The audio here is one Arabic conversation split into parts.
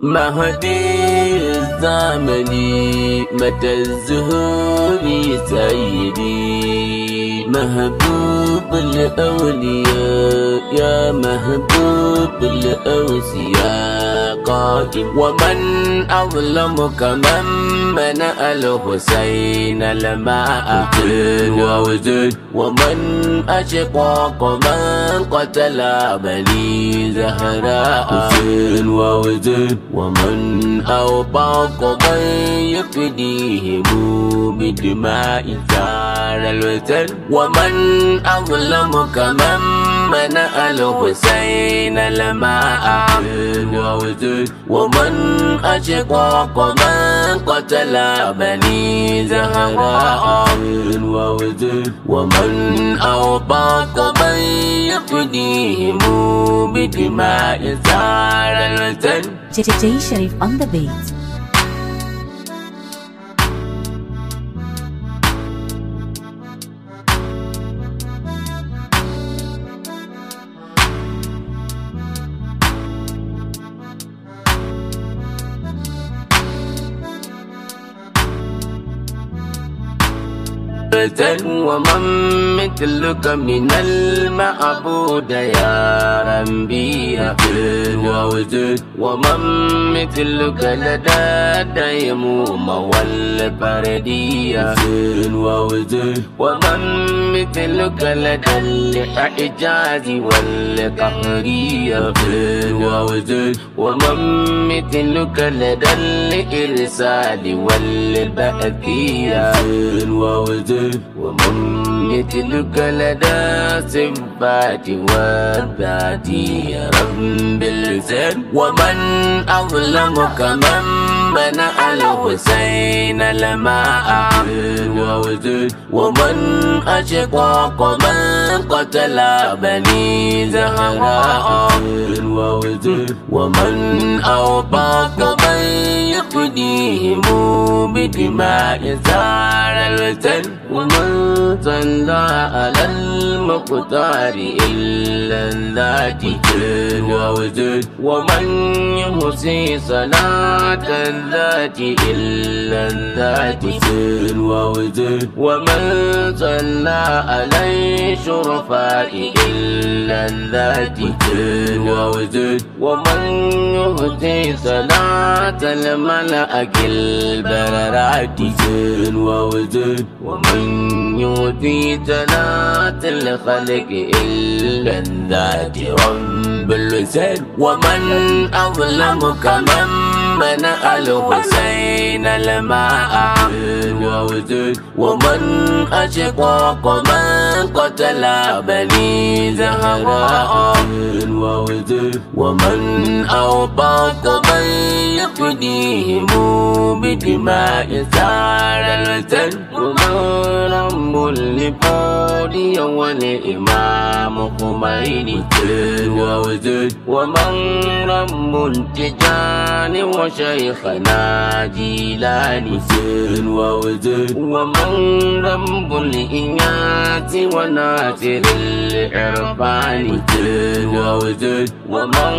مهدي الزمني متى الزهور سيدي مهبوب الأولياء يا مهبوب الأوسياء القاتل ومن أظلم كمن منع الحسين لما أقتل وأزد ومن أشقاق من قتل بني زهراء حسين وأزد ومن أوباق من يفديهم بدماء ثار الوثن ومن أظلم كمن منع al-husayn na lama'a wa a ce koko man kotala bani zahara'a wa man a ba koban ya fudi himu bidima isa ranar tan. Jai Sharif on the beat. أبدا ومن مثلك من المعبود يا ربي أقل وأوجد ومن مثلك لدى ديموم والبردية سر وأوجد ومن مثلك لدى حجازي والقهرية سر وأوجد ومن مثلك لدى الإرسال والبعثية سر وأوجد ومن يتلك لدى سمت بعدي وبعدي يا رب بالزين ومن أظلم كمن منع الحسين لما أعمل ووزن ومن أشقاق من قتل بني زهراء ووزن ومن أوباك من يقديهم بدماء زار الوزن ومن صلى على المقتل النار إلا ذات وزد ومن يحصي صلاة الذات إلا ذات وزد ومن صلى علي شرفاء إلا ذات وزد ومن يهدي صلاة الملأ البررات وزد ومن يهدي صلاة الخلق للذات رب الوسد ومن أظلم كمن من الحسين الماء ووجود ومن أشقاق من قتل بني زهراء ووجود ومن أوباق من يفديهم بدماء سار الوتن ومن رب لفاضي والإمام حميني ووجود ومن رب التجان والإمام شيخنا جيلاني حسين ووزن ومن رب الإنات وناتر العرفان حسين ووزن ومن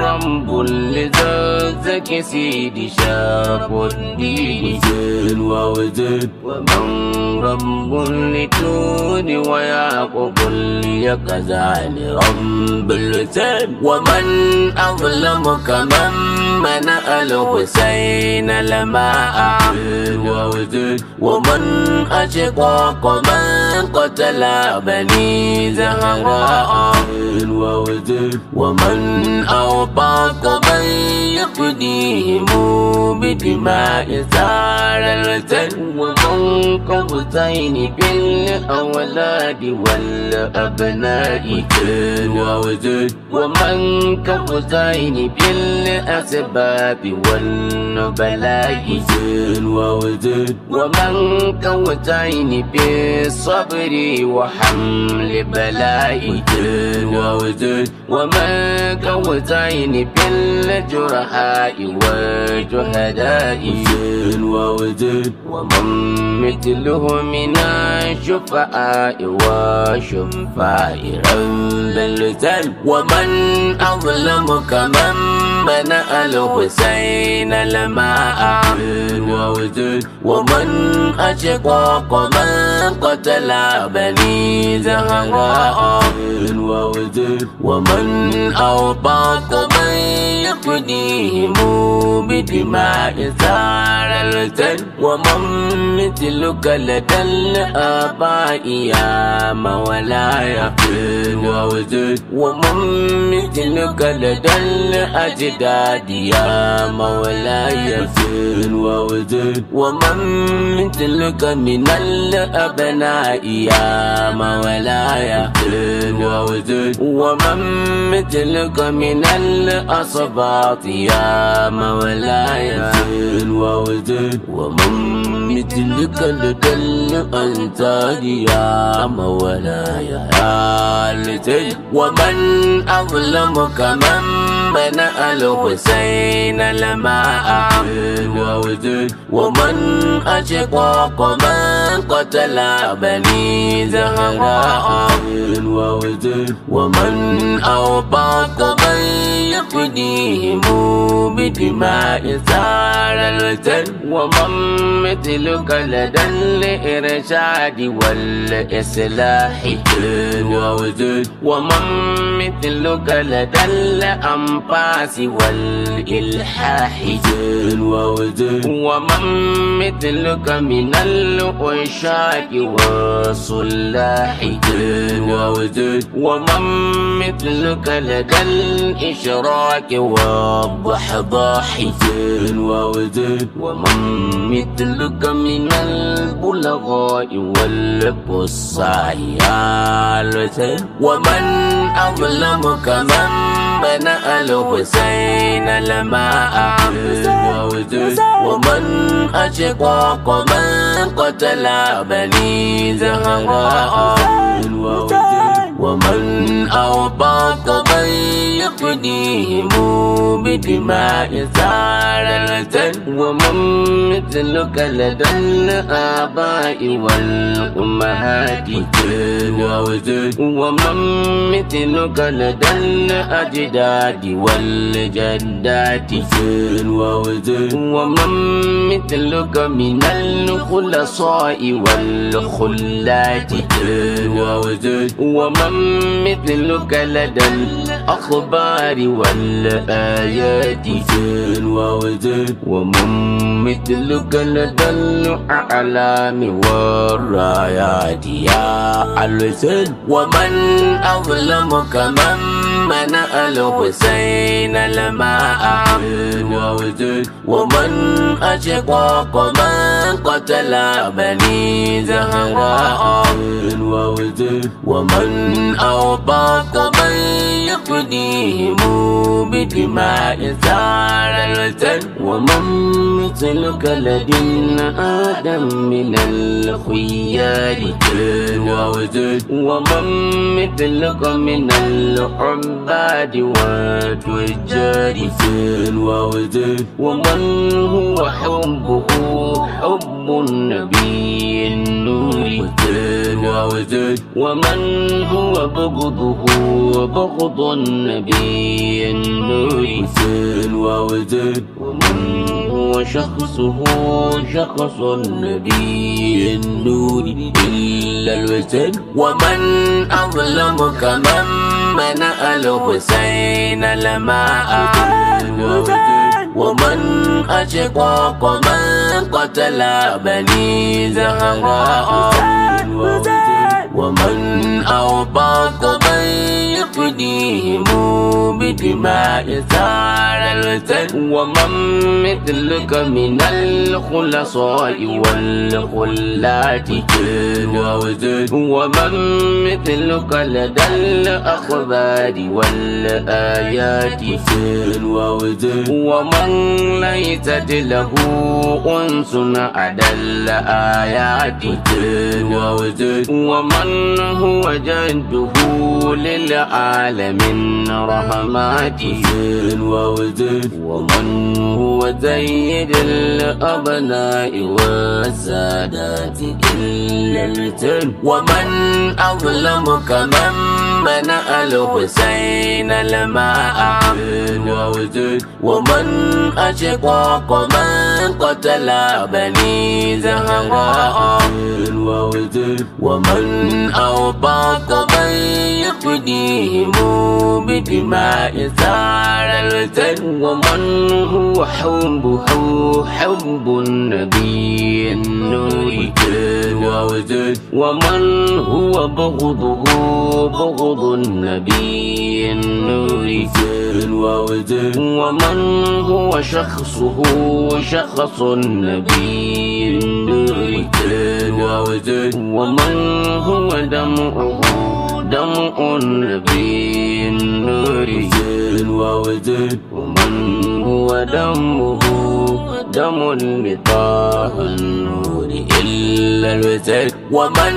رب لزوزك سيدي شاف الدين حسين ووزن ومن رب لتون ويعقوب اليقظان رب الحسين ومن أظلم كمن منع الحسين الماء عبد وودود ومن أشقاق من قتل بني زهراء ومن أوفى قبل يقديهم بدماء زارة ومن قبضين بالأولاد والأبناء كان وزد ومن كقزين بالأسباب والنبلاء كان وزد ومن كقزين بالصبر أجري وحمل بلائي وزن ووزن وما عيني بالجرحاء وجهدائي وزن ووزن ومن مثله من الشفعاء وشفاء رب الزل ومن أظلم كمن منع الحسين الماء ووزن ومن أشقاق من قتل بني زهراء من ووزر ومن أوبى قبل يقديهم بدماء زار الجن ومن مثلك لدى الآباء يا مولاي في الوزر ومن أدنك دل أجدادي يا مولاي فر ووزد ومن مثلك من الأبناء يا مولاي فر ووزد ومن مثلك من الأصباط يا مولاي فر ووزد ومن مثلك لدل أنتاج يا مولاي يا لتج ومن أظلم mu kaman mana al-Husayn lamaa maabd wa wuzud wa man ashiqa bani Zahra wa man awba تديهم بدماء زار الوتن ومن مثلك لدى الإرشاد والإصلاح ووجود ومن مثلك لدى الأنفاس والإلحاح ووجود ومن مثلك من الأنشاق والصلاح ووجود ومن مثلك لدى الإشراك ضاحي زين واودا ومن مثلك من البلغاء يا الصاعي ومن أظلمك من بنى الحسين لما أعبد واودا ومن أشقاق من قتل بني زهراء ومن أوباك بيقديهم بدماء زار زارة ومن مثلك لدى الآباء والأمهات وزد وزد ومن مثلك لدى الأجداد والجدات وزد وزد ومن مثلك من الخلصاء والخلات وزد ومن مثل الكلدن أخبار والآيات زين ووزن ومم مثل لدى الأعلام والرايات يا الوزن ومن أظلم كمن من الحسين لما أعمل ووجد ومن أشقاق من قتل بني زهراء ومن أوباك ومن تديهم بدماء ثار الوطن ومن مثلك لدن آدم من الخيار تجاوزت ومن مثلك من العباد والتجار تجاوزت ومن هو حبه حب النبي النور تجاوزت ومن هو بغضه بغض نبي مثل وودد وشخصه شخص النبي النور إلا الوتد ومن أظلم كمن منع الحسين لما ومن أشقى ومن قتل بني زهراء ومن أوباك بيقديهم بدماء ثار الفتن ومن مثلك من الخلصاء والخلات جد وزد ومن مثلك لدى الأخبار والآيات جد وزد ومن ليست له أنس أدل الآيات جد وزد ومن من هو للعالم للعالمين رحماته ووزن ومن هو زيد الأبناء والسادات إلا التن ومن أظلم كمن منع الحسين لما أعمل ووزد ومن أشقاق من قتل بني زهراء ووزد ومن أو باق بيقديهم بدماء زاد فردا ومن هو حبه حب النبي النور وزد ومن هو بغضه بغض النبي النور وزد ومن هو شخصه شخص النبي النور وزد ومن هو دمعه دمع النبي النور زين ووزين ومن هو دمه دم لطه النور إلا الوزر ومن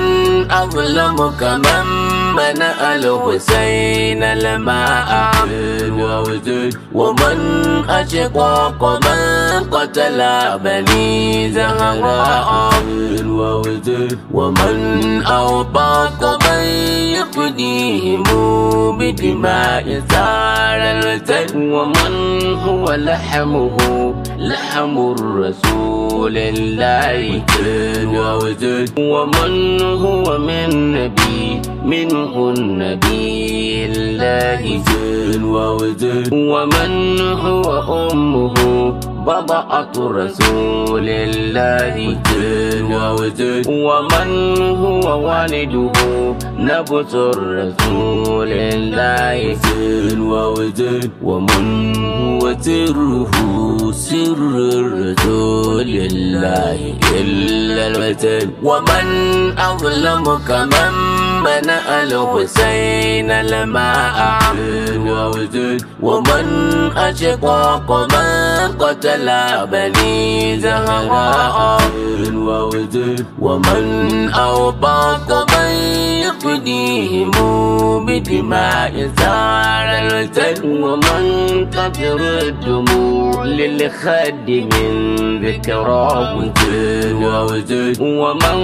أظلم كمن منع الحسين لما أعمل ووزر ومن أشقاق من قتل بني زهراء ووزر ومن أوباق من يقديهم بدماء زار الوزر ومن هو لحمه لحم الرسول الله وودود ومن هو من نبي منه النبي الله زود وودود ومن هو أمه بضعة رسول الله زود مردود ومن هو والده نبت الرسول الله سر وودود ومن هو سره سر الرسول الله إلا الوتد ومن أظلم كمن منع الحسين لما أعبد وودود ومن أشقاق من قتل بني زهراء ووجد ومن أوباك بين أيديهم بدماء ومن ومنتظر الدموع للخد من ذكرى وزد وزد ومن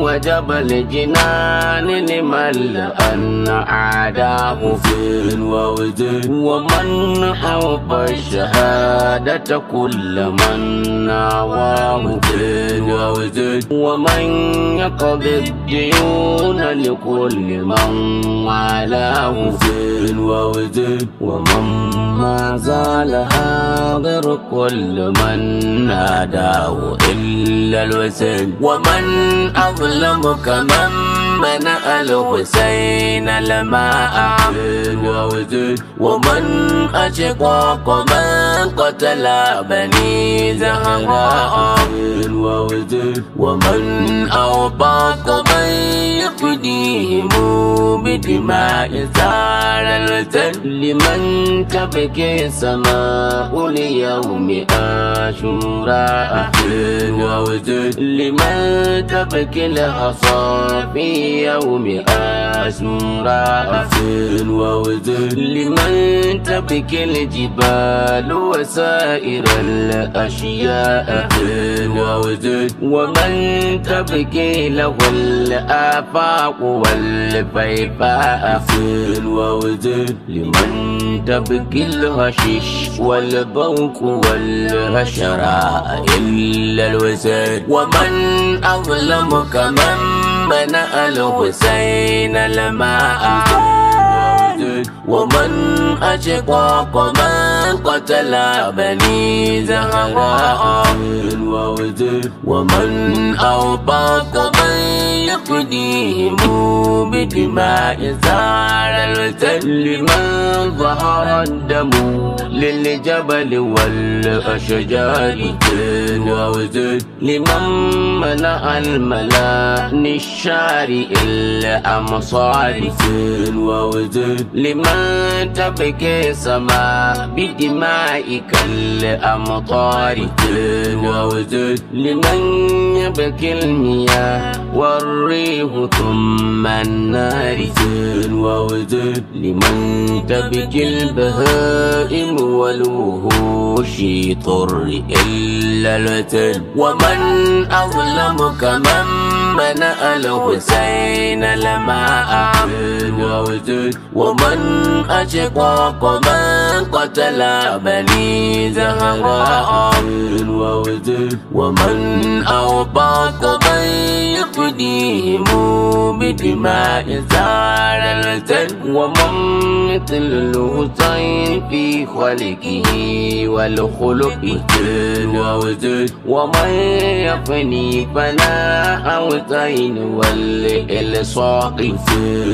وجب الجنان لمن لأن أعداه فين وزد ومن حب الشهادة كل من ناواه زد وزد ومن يقضي الديون لكل لمن على وزير ووزير ومن ما زال حاضر كل من ناداه إلا الوسن ومن أظلم كمن منع الحسين لما أعمل ووزير ومن أشقاق من قتل بني زهراء ووزير ومن أوباق من يفديه يهتموا بدماء زار الجد لمن تبكي السماء ليوم عاشوراء ووجد لمن تبكي الحصى في يوم عاشوراء ووجد لمن تبكي الجبال وسائر الأشياء ووجد ومن تبكي له الآفاق والأشياء كل بيباء أفل ووزن لمن تبكي الهشيش والبوق والهشراء إلا الوزن ومن أظلم كمن منع الحسين الماء ومن أشقاق من قتل بني زهراء ومن أوباق من يقديهم بدماء زار الوتل لمن ظهر الدم للجبل والأشجار وزد لمن منع الملا الشارئ الأمصار وزد لمن تبكي سما بدمائك الأمطار ووزد لمن يبكي المياه والريح ثم النار ووزد لمن تبكي البهائم والوحوش طر إلا الوتر ومن أظلم كمن منع الحسين لما أعمل ووزد ومن من أشقاق من قتل بني زهراء ومن أوباق من يفديهم بدماء زار الجد ومن مثل الحسين في خلقه والخلق ووجد ومن يفني فلا حسين والإلصاق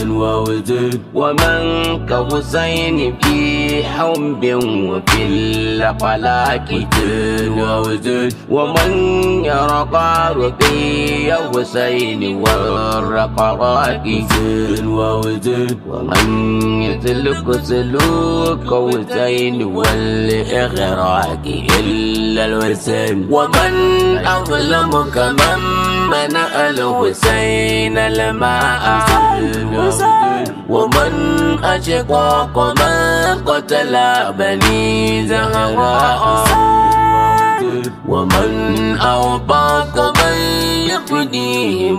ووجد ومن كوزين في حوب وفي الفلاك تنوزد ومن يرقى رقي حسين والرقراك تنوزد ومن يسلك سلوك كوزين والإغراك إلا الوسن ومن أظلم كمن mana al-Husayn al-Ma'a Woman ajekwa kwa man kotala bani zahara'a ومن أوباك من يفديه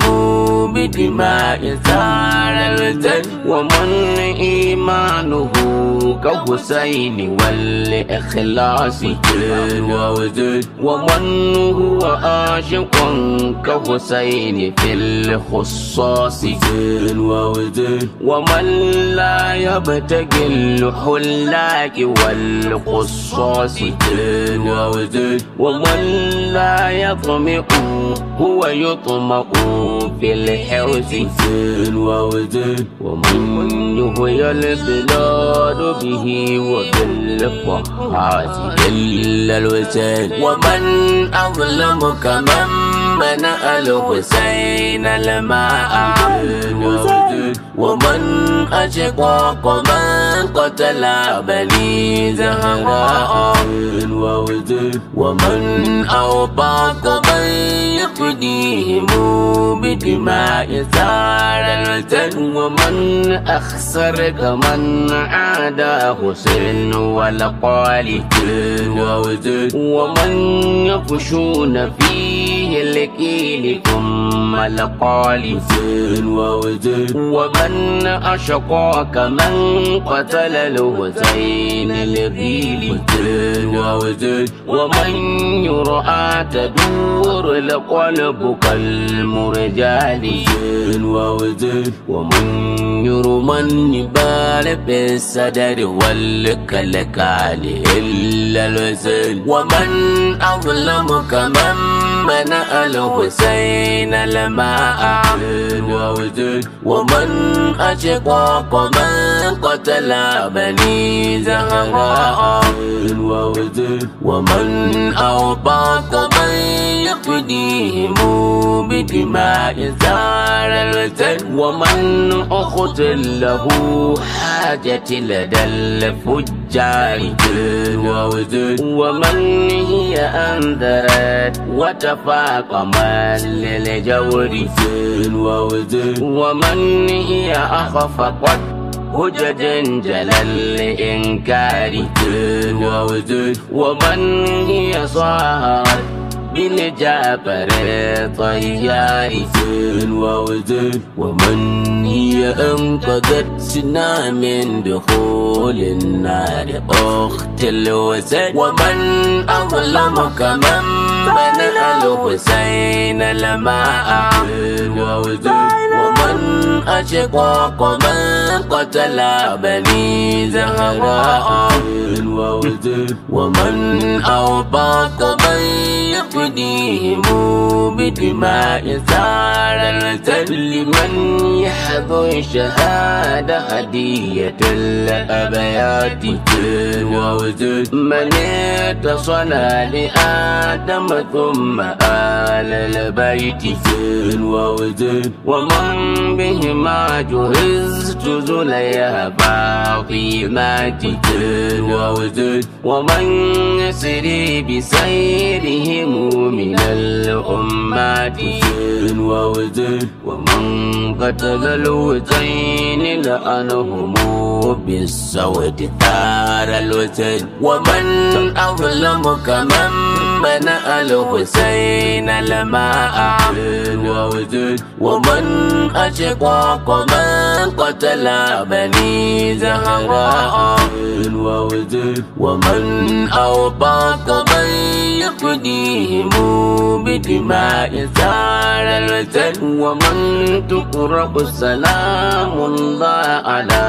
بدماء سار الزن ومن إيمانه كحسين والإخلاص وزد ومن هو عاشق كحسين في الخصاص وزد ومن لا يبتغي الحلاك والقصاص وزد ومن لا يطمئ هو يطمئ في الحرس زين ومن يهوي البلاد به وبالفحات إلا الوزين ومن أظلم كمن من منع الحسين الماء ومن أشقاق من قتل بني زهراء ومن أوباق يفديهم بدماء ثار الوتن ومن أخسر كمن عادى حسين ولقال ووزن ومن يفشون فيه الكيل ثم لقال ووزن ومن أشقى كمن قتل الحسين لغيل ووزن ومن يرعى تدور لقال قلبك المرجال زين ووزين ومن يرمن بال بالصدر والكلكال إلا الوزين ومن أظلم من منع الحسين لما زين ووزين ومن أشقاق من قتل بني زهراء زين ومن أوباق من يفديه بدماء زار ومن أقتل له حاجة لدى الفجار وزن ومن هي أنذرت وتفاقما للجور وزن ومن هي أخفقت هجج جلل إنكار إنكاري وزن ومن هي صاهرت من جابر طياري زين ووزن ومن هي انقذت سنا من دخول النار أخت الوزن ومن اظلمك من بنى الحسين لما أعلن ووزن ومن أشقاق من قتل بني زهراء ووزن ومن أوباق من جودهم بدماء زار الزل من يحظ الشهادة هدية الأبيات ووزد من اتصل لآدم ثم آل البيت ووزد ومن بهما جهزت زليا باقيماتك ووزد ومن يسري بسيرهم من الأمات وزر ووزر ومن قتل الوزين لأنهم بالسود دار الوزر ومن أظلم كمن من حسين لما أعمل ووزد ومن أشقاق من قتل بني زهراء ووزد ومن أوباق من يقديهم بدماء زار الوزن ومن تقرأ سلام الله على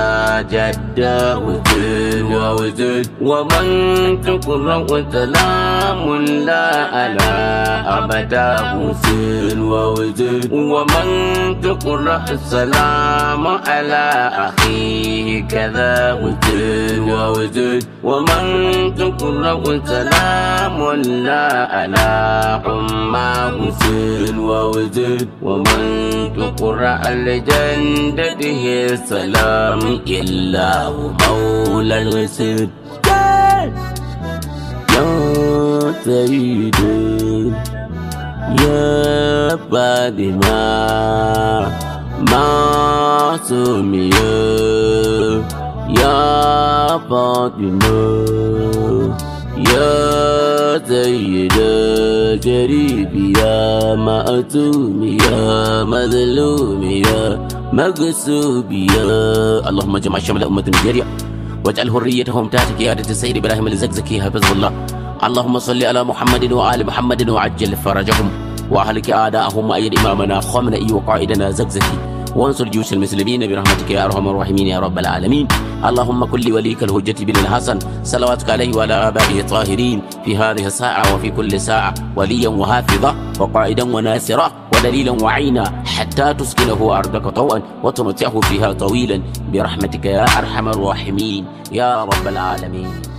جده وزد ومن تقرأ سلام الله la ala abada husin wa wajin wa man tuqra salama ala akhi kadha husin wa wajin wa man tuqra salama la ala umma husin wa wajin wa man tuqra al jandatihi salam illa mawla al husin Yeah. سيدي يا فاطمة معصومية يا فاطمة يا سيدة جريبي يا مأتوم يا مظلوم يا مغصوب يا اللهم جمع شمل أمة نيجيريا واجعل هريتهم تحت قيادة السيد إبراهيم الزكزكي حفظه الله اللهم صل على محمد وآل محمد وعجل فرجهم وأهلك آداءهم وأيد إمامنا إي وقائدنا زكزكي وانصر جيوش المسلمين برحمتك يا أرحم الراحمين يا رب العالمين اللهم كن لوليك الهجة بن الحسن صلواتك عليه وعلى آبائه الطاهرين في هذه الساعة وفي كل ساعة وليا وحافظا وقائدا وناصرا ودليلا وعينا حتى تسكنه أرضك طوعا وتمتعه فيها طويلا برحمتك يا أرحم الراحمين يا رب العالمين